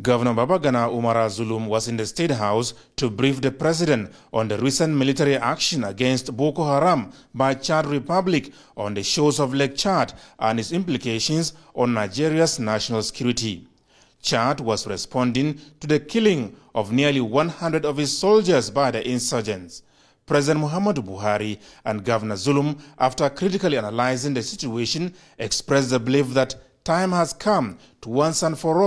Governor Babagana Umara Zulum was in the State House to brief the president on the recent military action against Boko Haram by Chad Republic on the shores of Lake Chad and its implications on Nigeria's national security. Chad was responding to the killing of nearly 100 of its soldiers by the insurgents. President Muhammadu Buhari and Governor Zulum, after critically analyzing the situation, expressed the belief that time has come to once and for all